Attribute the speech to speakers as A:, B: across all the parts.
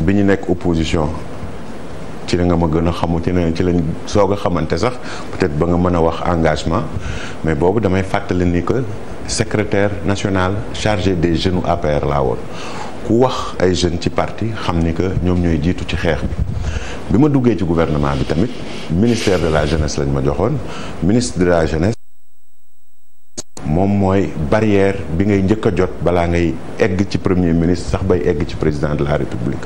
A: bi ñu nekk opposition ci la nga ma gën a xamu ci ci lañ soog a xamante sax peut ba nga mën a wax engagement mais boobu damay fàttali ni que secrétaire nationale chargé des jeunes APR laa woon ku wax ay jeunes ci parti xam ni que ñoom ñooy jiitu ci xeex bi. bi ma duggee ci gouvernement bi tamit ministère de la jeunesse lañ ma joxoon ministre de la jeunesse. moom mooy barrière bi ngay njëkk a jot balaa ngay egg ci premier ministre sax bay egg ci président de la république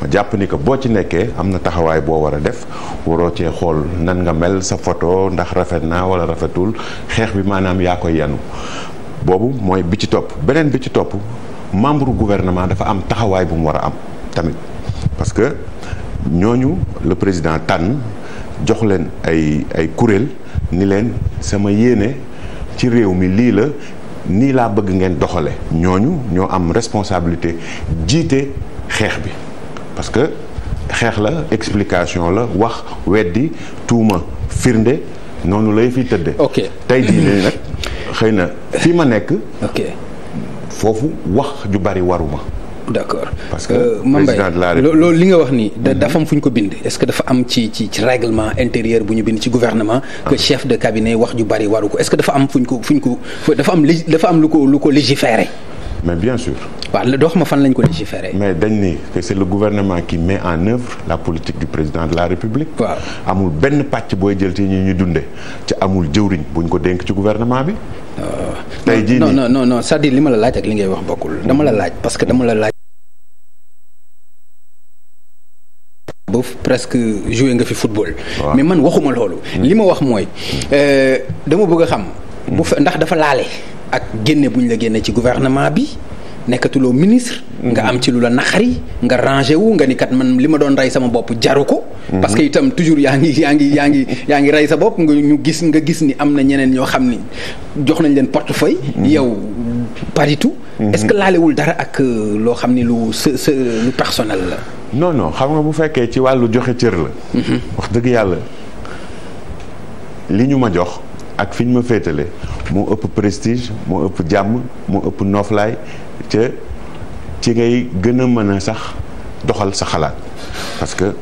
A: ma jàpp ni que boo ci nekkee am na taxawaay boo war a def waroo cee xool nan nga mel sa photo ndax rafet naa wala rafetul xeex bi maanaam yaa koy yanu boobu mooy bi ci topp beneen bi ci topp membre gouvernement dafa am taxawaay bu mu war a am tamit parce que ñooñu le président tànn jox leen ay ay kuréel ni leen sama yéene ci réew mi lii la nii laa bëgg ngeen doxale ñooñu ñoo am responsabilité jiite xeex bi parce que xeex la explication la wax weddi tuuma firnde noonu lay fi tëdde ok tey jii nii nag xëy na fi ma nekk. foofu wax ju bari waruma. d'accord parce que euh, Mambay
B: loolu li nga wax ni mhm. dafa am fu ñu ko bind est-ce que dafa am ci ci ci intérieur bu ñu bind ci gouvernement que ah. chef de cabinet wax ju bari waru ko est-ce que dafa am fu ñu ko fu ñu ko dafa am dafa am lu ko lu ko légiféré mais bien sûr waaw doo xam fan lañ ko légiféré mais dañ ni
A: que c'est le gouvernement qui met en œuvre la politique du président de la république waaw amul benn pàcc booy jël ci ñi ñu dunde ci amul jëwriñ buñ ko dénk ci gouvernement bi euh, tey jii non
B: non non cest li ma la laaj ak li ngay wax bokkul la laaj parce que dama la laaj làmb presque joué nga fi football. mais man waxuma loolu. Hmm. li ma wax mooy hmm. euh, dama bëgg a xam. Hmm. bu ndax dafa laale ak génne bu ñu la génne ci gouvernement bi. nekkatuloo ministre. nga am ci lu la naxari nga rangé wu nga ni kat man li ma doon rey sama bopp jaru ko. parce que itam toujours yaa ngi yaa ngi yaa ngi yaa ngi rey sa bopp nga ñu gis nga gis ni am na ñeneen ñoo xam ni jox nañ leen portefeuille. yow paritu. est-ce que laalewul dara ak euh, loo xam ni lu sa sa lu personnel la.
A: non non xam nga bu fekkee ci wàllu joxe cër la. Mhm. wax dëgg yàlla li ñu ma jox ak fi ñu ma féetale moo ëpp prestige moo ëpp jàmm moo ëpp nooflaay ca ci ngay gën a mën a sax doxal sa xalaat parce que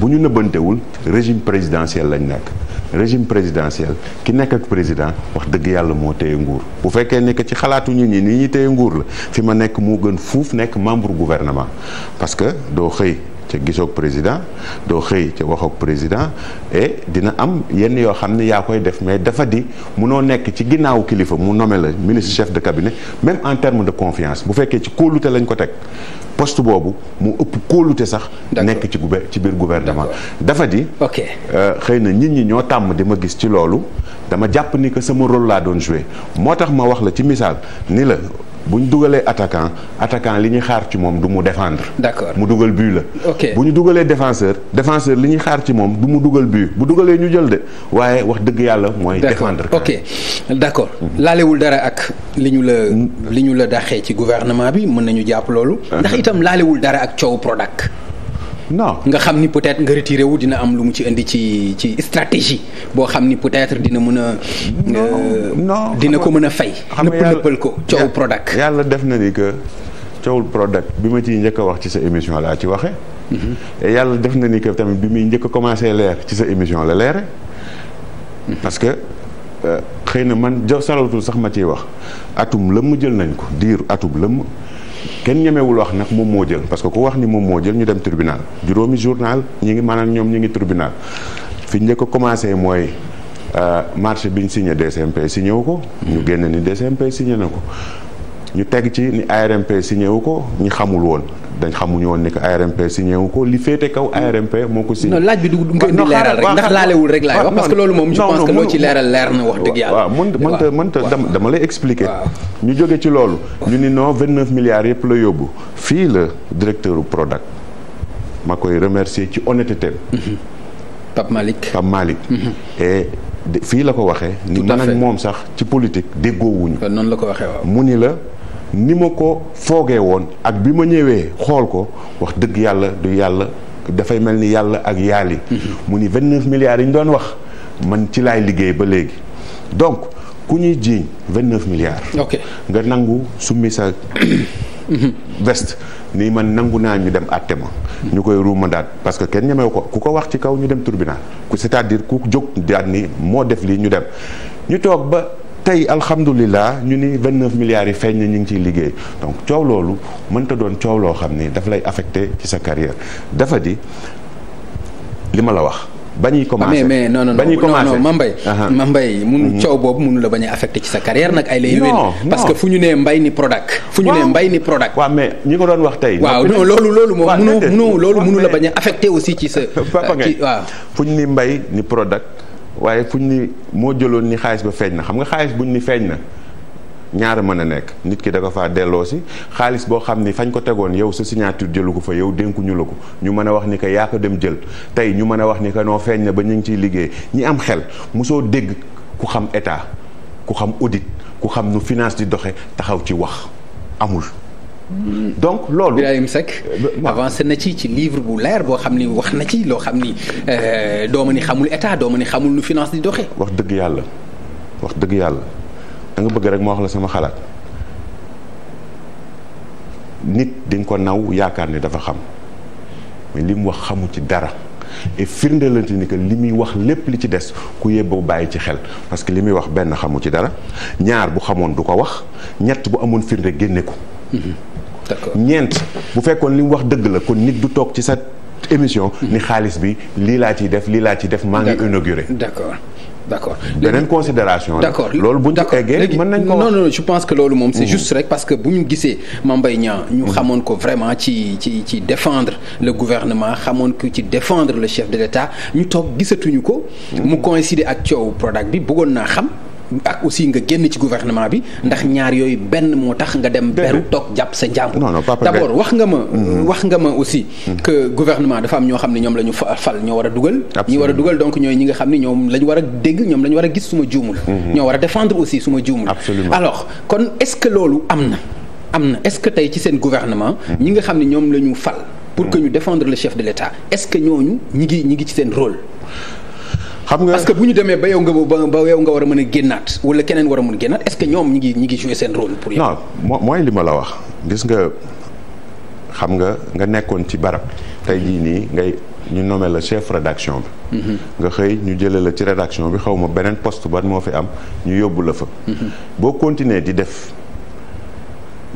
A: bu ñu nëbbantewul régime présidentiel lañ nekk. régime présidentiel ki nekk ak président wax dëgg yàlla moo téye nguur bu fekkee nekk ci xalaatu nit ñi ni ñuy téye nguur la fi ma nekk moo gën fuuf nekk membre gouvernement parce que doo xëy ca gisoog président doo xëy ca waxoog président et dina am yenn yoo xam ne yaa koy def mais dafa di munoo nekk ci ginnaaw kilifa mu nome la ministre chef de cabinet même en terme de confiance bu fekkee ci kóolute lañ ko teg poste boobu mu ëpp kóolute sax. nekk ci gouver ci biir gouvernement. dafa di. ok euh, xëy na nit ñi ñoo tàmm di ma gis ci loolu dama jàpp ni que sama role laa doon joué moo tax ma wax la ci misaal ni la. bu ñu dugalee attaquant attaquant li ñuy xaar ci moom du mu défendre. d'accord mu dugal but la. ok bu ñu dugalee défenseur défenseur li ñuy xaar ci moom du mu dugal but bu dugalee ñu jël
B: de waaye wax dëgg yàlla mooy. défendre ok d'accord mm-hmm. laalewul dara ak li ñu la mm-hmm. li ñu la daxee ci gouvernement bi mën nañu jàpp loolu. Uh-huh. ndax itam laalewul dara ak coow Prodac. non nga xam ni peut-être nga retiré wu dina am lu mu ci indi ci ci stratégie boo xam ni peut-être dina mën a. no euh, dina ko mën a fay. xam nga
A: nëppal ko coow Prodac. yàlla def na ni que coowul Prodac bi ma ciy njëkk a wax ci sa émission laa ci waxe mhm. yàlla def na ni que tamit bi muy njëkk a commencé leer ci sa émission la leere mhm. parce que euh, xëy na man jo salatul sax ma ciy wax atum lëmm jël nañ ko diir atum lëmm. kenn ñemewul wax nag moom moo jël parce que ku wax ni moom moo jël ñu dem tribunal juróomi journal ñi ngi maanaam ñoom ñi ngi tribunal fi njëkk ko commencé mooy euh, marché bi ñu signé DCMP si ñëw ko. ñu génn ni DCMP signé na ko. ñu teg ci ni ARMP signé wu ko ñi xamul woon dañ xamuñu woon ni que ARMP signé wu ko li féete kaw ARMP moo ko signé. non laaj bi du nga indi leeral rek ndax laalewul rek laay wax loolu moom je pense que loo ci leeral leer na wax dëgg yàlla. waaw mënta mënta dama lay expliquer. ñu jóge ci loolu. ñu ni non 29 milliards yëpp la yóbbu fii la directeur Prodac ma koy ci honnêteté mm-hmm. Pape Malick Pape Malick. Mm-hmm. et la ko waxee. ni man moom sax ci politique déggoowuñu. kon noonu la ko waxee waaw mu ni la. ni ma ko foogee woon ak bi ma ñëwee xool ko wax dëgg yàlla du yàlla dafay mel ni yàlla ak yaali mm-hmm. mu ni vingt neuf milliards yi ñu doon wax man ci laay liggéey ba léegi donc ku ñuy jiiñ vingt neuf milliards nga nangu summi sa mm-hmm. veste nii man nangu naa ñu dem àtte ma ñu koy ruuma daat parce que kenn ñemewu ko ku ko wax ci kaw ñu dem tribunal ku c'est-à-dire ku jóg daat ni moo def lii ñu dem ñu toog ba tey alhamdulilah ñu ni vingt neuf milliards yi feeñ na ñu ngi ciy liggéey donc coow loolu mënta doon coow loo xam ni dafa lay affecté ci sa carrière dafa di li ma la wax. ba ñuy ah, commencé mais mais non non non Mambay. Mambay mun mhm. coow boobu
B: munu la bañ a affecté ci sa carrière nag ay lay. non parce que fu ñu nee mbay ni Prodac. fu ñu nee mbay ni Prodac. waaw mais ñi ko doon wax tey. waaw non loolu loolu moom. waaw loolu mënu la bañ a aussi ci sa. waaw fu ñu ni mbay ni Prodac.
A: waaye fu ñu ni moo jëloon ni xaalis ba feeñ na xam nga xaalis buñ ni feeñ na ñaara mën a nekk nit ki da ko faa delloo si xaalis boo xam ni fañ ko tegoon yow sa signature jëlu ko fa yow dénkuñu la ko ñu mën a wax ni que yaa ko dem jël tey ñu mën a wax ni que noo feeñ na ba ñu ngi ciy liggéey ñi am xel mosoo dégg ku xam état ku xam audit ku xam nu finance di doxe
B: taxaw ci wax amul donc loolu. Birahim Seck euh, avancé na ci ci livre bu leer boo xam ni wax na ci loo xam ni euh, dooma ni xamul état dooma ni xamul nu finance di doxee.
A: wax dëgg yàlla wax dëgg yàlla danga bëgg rek ma wax la sama xalaat nit di ko naw yaakaar ni dafa xam mais li mu wax xamu ci dara. et firndeelante ni que li muy wax lépp li ci des ku yebbu bàyyi ci xel parce que li muy wax benn xamu ci dara ñaar bu xamoon du ko wax ñett bu amoon firnde génne ko. Mm-hmm. ñeent bu fekkoon li mu wax dëgg la kon nit du toog ci sa émission hmm. ni xaalis bi lii laa ciy def lii laa ciy def maa ngi inauguré
B: d'accord d'accord
A: beneen considération d'accord loolu bu
B: ñu eggee mën nañ ko non non je pense que loolu moom c'est hmm. juste rek parce que bu ñu gisee Mame mbay Niang ñu hmm. xamoon ko vraiment ci ci ci défendre le gouvernement xamoon ko ci défendre le chef de l'État ñu toog gisatuñu ko mu coïncider ak coow Prodac bi bëggoon naa xam ak aussi nga génn ci gouvernement bi ndax ñaar yooyu benn moo tax nga dem beru toog jàpp sa njàmbur
A: d'abord wax nga
B: ma mm-hmm. wax nga ma aussi mm-hmm. que gouvernement dafa am ñoo xam ne ñoom la ñu fal ñoo war a dugal ñi war a dugal donc ñooy ñi nga xam ne ñoom la ñu dégg ñoom la war a gis su ma juumul mm-hmm. ñoo war a défendre aussi su ma juumul alors kon est-ce que loolu am am na est-ce que tey ci seen gouvernement ñi nga xam ne ñoom la ñu fal pour que ñu defendre le chef de l'État est-ce que ñooñu ñi ngi ñi ngi ci seen role xam nga parce que bu ñu demee ba yow nga ba yow nga a mën a génnaat wala keneen a a génnaat est-ce que ñoom ñi ngi ñi ngi jouer seen rôle. pour yow
A: mooy li la wax gis nga xam nga nga nekkoon ci barab tey jii nii ngay ñu nommé la chef rédaction bi. Mhm. nga xëy ñu jëlee la ci rédaction bi xaw ma beneen poste ban moo fi am ñu yóbbu la fa. Mhm. boo continuer di def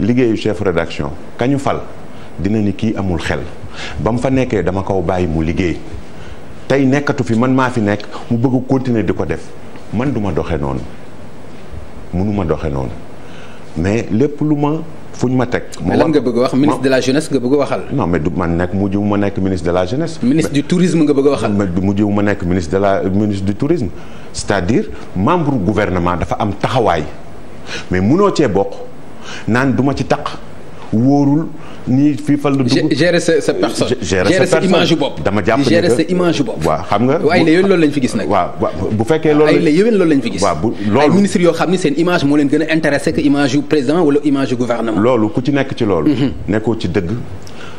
A: liggéeyu chef rédaction kañu fal dina ni kii amul xel ba mu fa nekkee dama kaw bàyyi mu liggéey. tey nekkatu fi man maa fi nekk mu bëgg continuer di ko def man du ma doxe noonu mënuma doxe noonu mais lépp lu ma fuñ ma teg. mais lan bëgg wax ministre de la jeunesse nga bëgg waxal. non mais du nekk mujj ma nekk ministre de la jeunesse. ministre du tourisme nga bëgg waxal. mujj nekk ministre de la ministre du tourisme c'est-à-dire membre gouvernement dafa am taxawaay mais munoo cee bokk naan du ma ci taq. wóorul nii fii fan la dugg.
B: gérer sa sa personne gérer sa image bopp. dama jàpp ne que gérer sa image bopp. waaw xam nga bu ay loolu lañ fi gis nag. waaw bu fekkee loolu ay lañ fi gis. waaw bu loolu yoo xam ni seen image moo leen gën a intéressé que image yu président loolu ku ci nekk ci loolu.
A: Mhm. nekkoo ci dëgg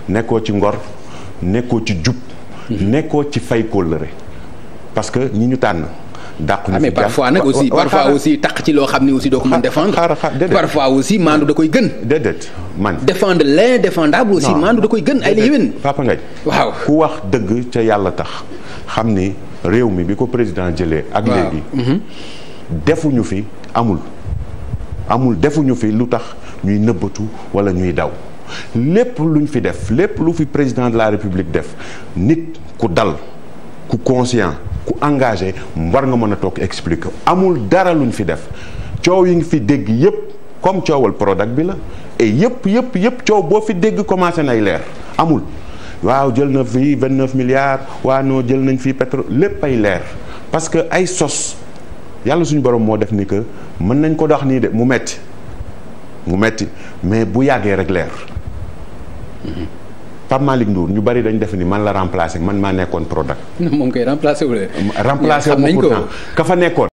A: nekkoo ci ngor nekkoo ci jub. Mhm. nekkoo ci fay kóllëre parce que ñi ñu tànn.
B: dàqu ñu ah, mais parfois nag aussi parfois aussi taq ci loo xam ne aussi doo ko mën défendre. parfois aussi maandu da koy gën. man défendre l'indéfendable aussi maandu da koy gën ay la yéwén
A: waaw ku wax dëgg ca yàlla tax xam ni réew mi bi ko président jëlee ak léegi mm-hmm. defuñu fi amul amul defuñu fi lu tax ñuy nëbbatu wala ñuy daw lépp lu ñu fi def lépp lu fi président de la république def nit ku dal ku conscient ku engage war nga mën a toog expliquer amul dara luñ fi def coow yi nga fi dégg yépp comme coowal Prodac bi la et yëpp yëpp yëpp coow boo fi dégg commencé nay leer amul waaw jël na fii vingt neuf milliards waa non jël nañ fii pétrole lépp ay leer parce que ay sos yàlla suñu borom moo def ni que mën nañ ko dox nii de mu metti mu metti mais bu yàggee rek leer mm-hmm. Pape Malick Ndour ñu bari dañ def ni man la remplacer man maa nekkoon Prodac.
B: moom kay remplacer wu leen. remplacer wu ma ka fa
A: nekkoon.